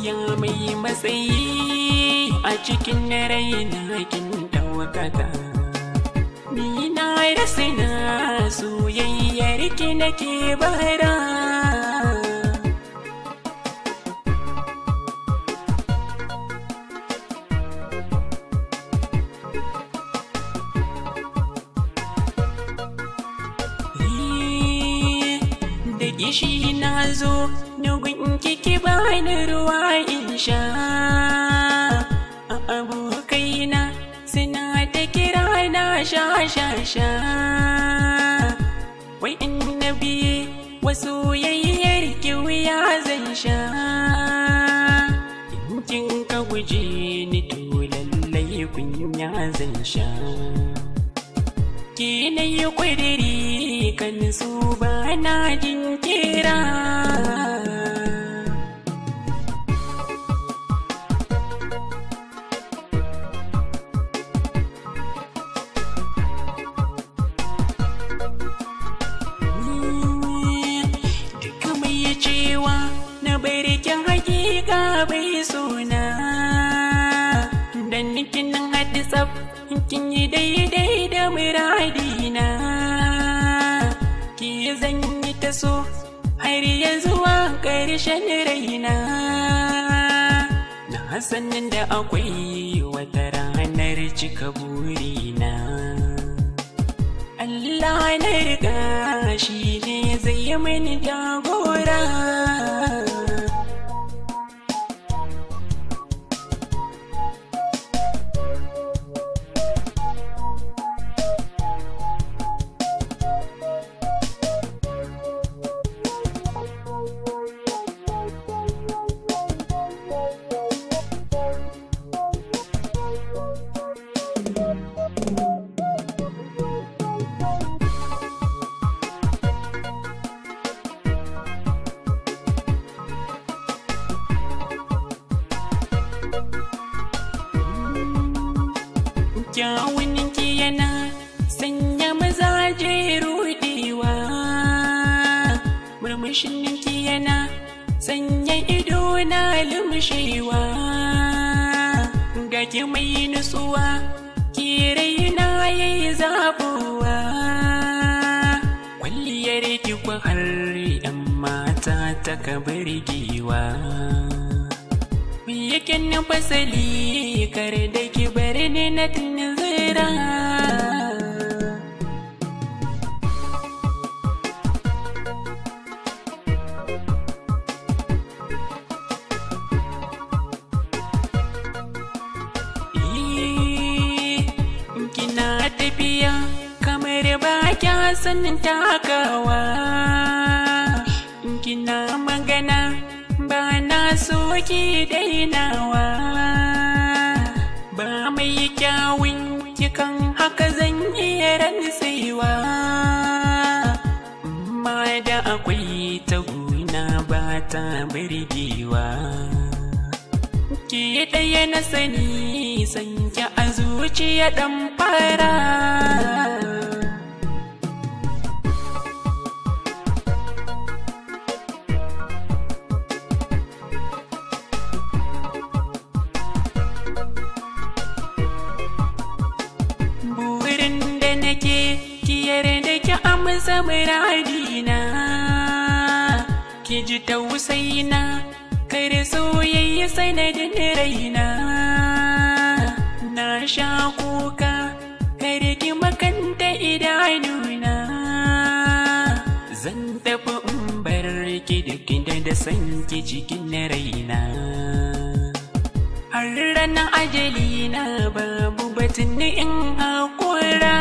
Ya mai matsayi a cikin raina kin daukaka ni na rasa na soyayyar ki nake bara Ishi na zo dogon kiki bani ruwa in sha abokaina suna ta kirana na sha sha sha wai annabi wasu yayyar kiwiya zan sha kin ka guje ni to lallai kunya zan sha ki na yi kwadiri kan su ba na jin so har ya zuwa ƙarshen raina na sanin da akwai wata ranar cika burina Allah na riga shi ne zai yi mini jagora kyawun ki yana sanya maza zai ruɗewa murmushin ki yana sanya ido na lumshewa gaki mai nutsuwa ki raina yayi zabuwa kwalliyar ki ku har yan mata ta kabirgiwa me yake fasali kar da ki bari ni na tun hira kina tafiya kamar ba kya sanin takawa kina magana bana na so ki dainawa akwai ta guna ba ta birgewa ke ɗaya na sani sanke a zuciya ɗan fara burin da nake kiyar da ki amsa muradina ki ji tausayina kare soyayya sanadin raina na sha kuka kare ki makanta idanuna zan tafi in bar ki da da san ki cikin raina har ranar ajali na babu batun in hakura